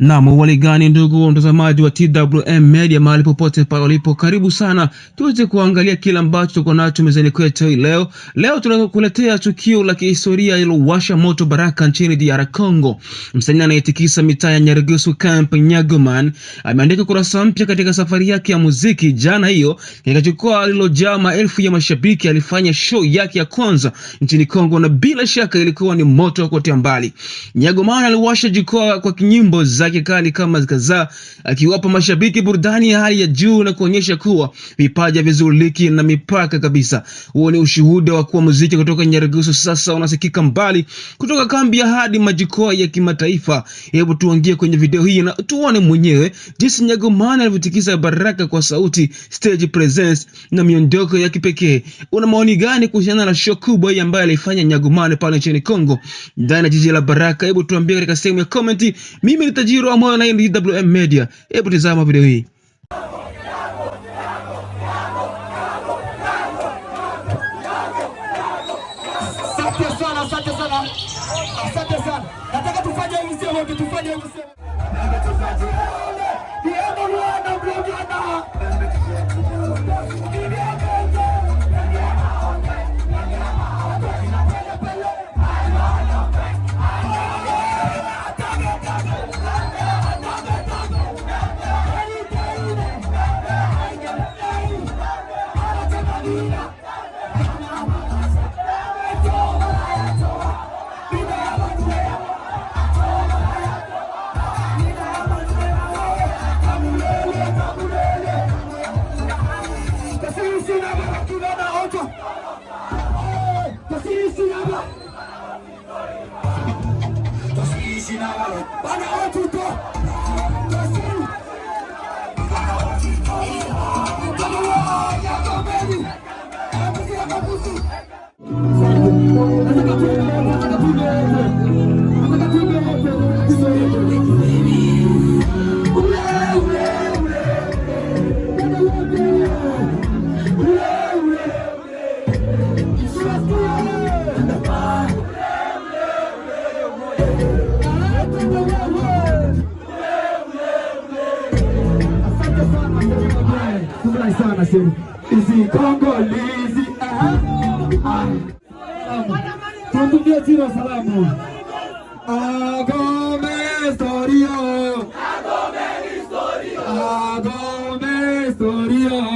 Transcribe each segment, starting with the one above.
Nam wali gani, ndugu mtazamaji wa TWM Media, mahali popote pale ulipo, karibu sana tuweze kuangalia kile ambacho tuko nacho mezani kwetu hii leo. Leo tunakuletea tukio la kihistoria lilowasha moto baraka nchini DR Congo. Msanii anayetikisa mitaa ya Nyarugusu Camp Nyagoman ameandika kurasa mpya katika safari yake ya muziki. Jana hiyo katika jukwaa lililojaa maelfu ya mashabiki, alifanya show yake ya kwanza nchini Congo na bila shaka ilikuwa ni moto wa kuotea mbali. Nyagoman aliwasha jukwaa kwa kinyimbo za zake kali kama kadhaa, akiwapa mashabiki burudani ya hali ya juu na kuonyesha kuwa vipaji havizuliki na mipaka kabisa. Huo ni ushuhuda wa kuwa muziki kutoka Nyarugusu sasa unasikika mbali, kutoka kambi ya hadi majukwaa ya kimataifa. Hebu tuangie kwenye video hii na tuone mwenyewe jinsi Nyagomaana alivyotikisa baraka kwa sauti, stage presence na miondoko ya kipekee. Una maoni gani kuhusiana na show kubwa hii ambayo alifanya Nyagomaana pale nchini Kongo ndani ya jiji la Baraka? Hebu tuambie katika sehemu ya comment. Mimi nitajia Shiro Amwana, na ni Media. Hebu tazama video hii. Asante sana, asante sana, asante sana. Nataka tufanye hivi sio tufanye hivi sio tusiishi na wale wanaotuto Thank you. Furahi sana sema hizi kongolizi eh? tumbie ziro salamu agome historia agome historia agome historia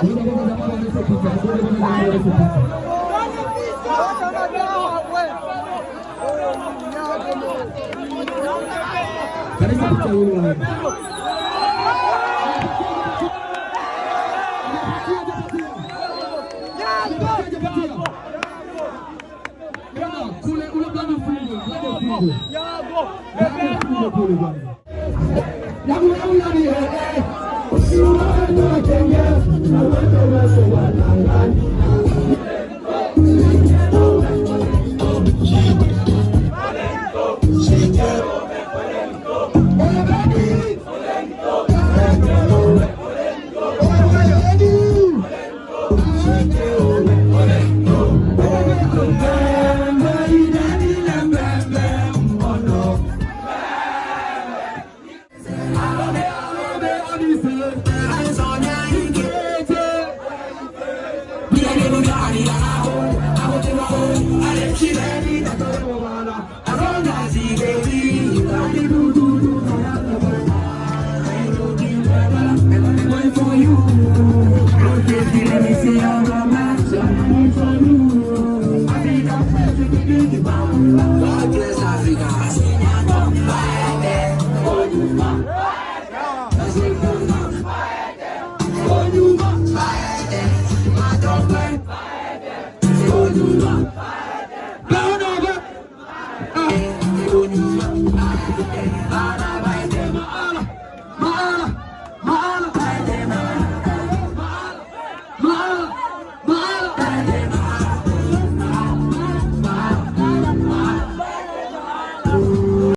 Yago, yago, yago, yago, yago, Let me see dile mi my.